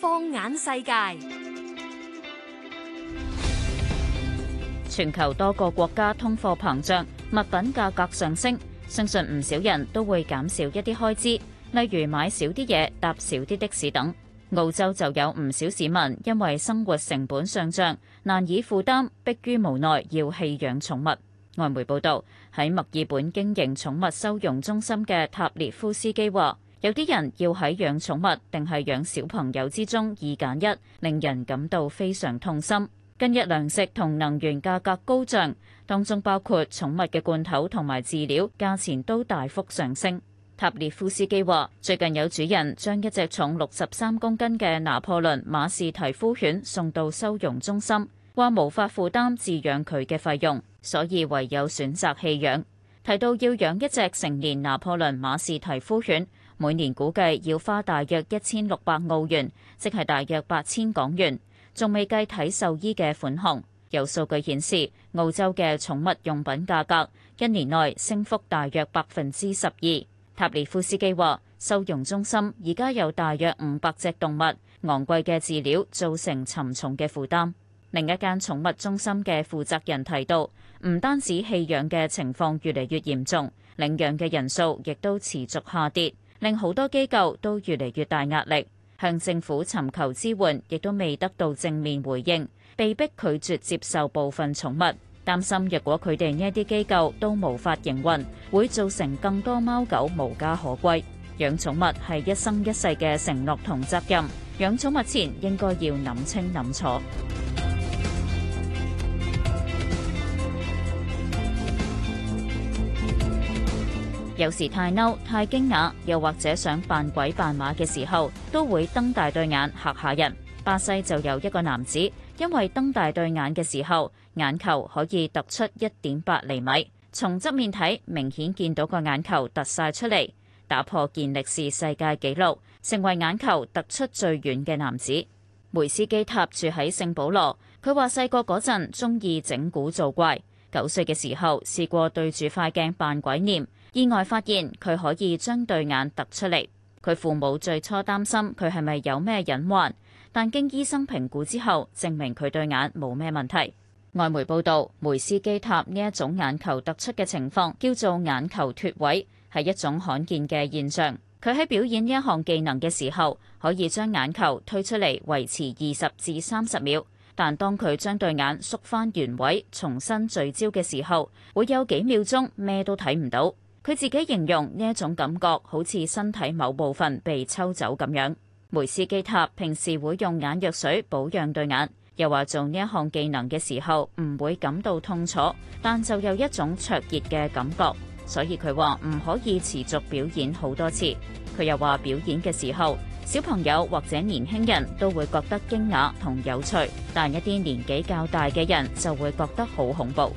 放眼世界，全球多個國家通貨膨脹、物品價格上升，相信唔少人都會減少一啲開支，例如買少啲嘢、搭少啲的士等。澳洲就有唔少市民因為生活成本上漲，難以負擔，迫於無奈要棄養寵物。外媒報道，喺墨爾本經營寵物收容中心嘅塔列夫斯基話：有啲人要喺養寵物定係養小朋友之中二揀一，令人感到非常痛心。近日糧食同能源價格高漲，當中包括寵物嘅罐頭同埋飼料價錢都大幅上升。塔列夫斯基話：最近有主人將一隻重六十三公斤嘅拿破崙馬士提夫犬送到收容中心。話無法負擔飼養佢嘅費用，所以唯有選擇棄養。提到要養一隻成年拿破崙馬士提夫犬，每年估計要花大約一千六百澳元，即係大約八千港元，仲未計睇獸醫嘅款項。有數據顯示，澳洲嘅寵物用品價格一年內升幅大約百分之十二。塔利夫斯基話，收容中心而家有大約五百隻動物，昂貴嘅治療造成沉重嘅負擔。另一間寵物中心嘅負責人提到，唔單止棄養嘅情況越嚟越嚴重，領養嘅人數亦都持續下跌，令好多機構都越嚟越大壓力。向政府尋求支援，亦都未得到正面回應，被迫拒絕接受部分寵物。擔心，若果佢哋呢一啲機構都無法營運，會造成更多貓狗無家可歸。養寵物係一生一世嘅承諾同責任，養寵物前應該要諗清諗楚。有時太嬲、太驚訝，又或者想扮鬼扮馬嘅時候，都會瞪大對眼吓吓人。巴西就有一個男子，因為瞪大對眼嘅時候，眼球可以突出一點八厘米，從側面睇，明顯見到個眼球突晒出嚟，打破健力士世界紀錄，成為眼球突出最遠嘅男子。梅斯基塔住喺聖保羅，佢話細個嗰陣中意整蠱做怪，九歲嘅時候試過對住塊鏡扮鬼念。意外發現佢可以將對眼突出嚟。佢父母最初擔心佢係咪有咩隱患，但經醫生評估之後，證明佢對眼冇咩問題。外媒報道，梅斯基塔呢一種眼球突出嘅情況叫做眼球脫位，係一種罕見嘅現象。佢喺表演呢一項技能嘅時候，可以將眼球推出嚟維持二十至三十秒，但當佢將對眼縮翻原位，重新聚焦嘅時候，會有幾秒鐘咩都睇唔到。佢自己形容呢一種感覺好似身體某部分被抽走咁樣。梅斯基塔平時會用眼藥水保養對眼，又話做呢一項技能嘅時候唔會感到痛楚，但就有一種灼熱嘅感覺。所以佢話唔可以持續表演好多次。佢又話表演嘅時候，小朋友或者年輕人都會覺得驚訝同有趣，但一啲年紀較大嘅人就會覺得好恐怖。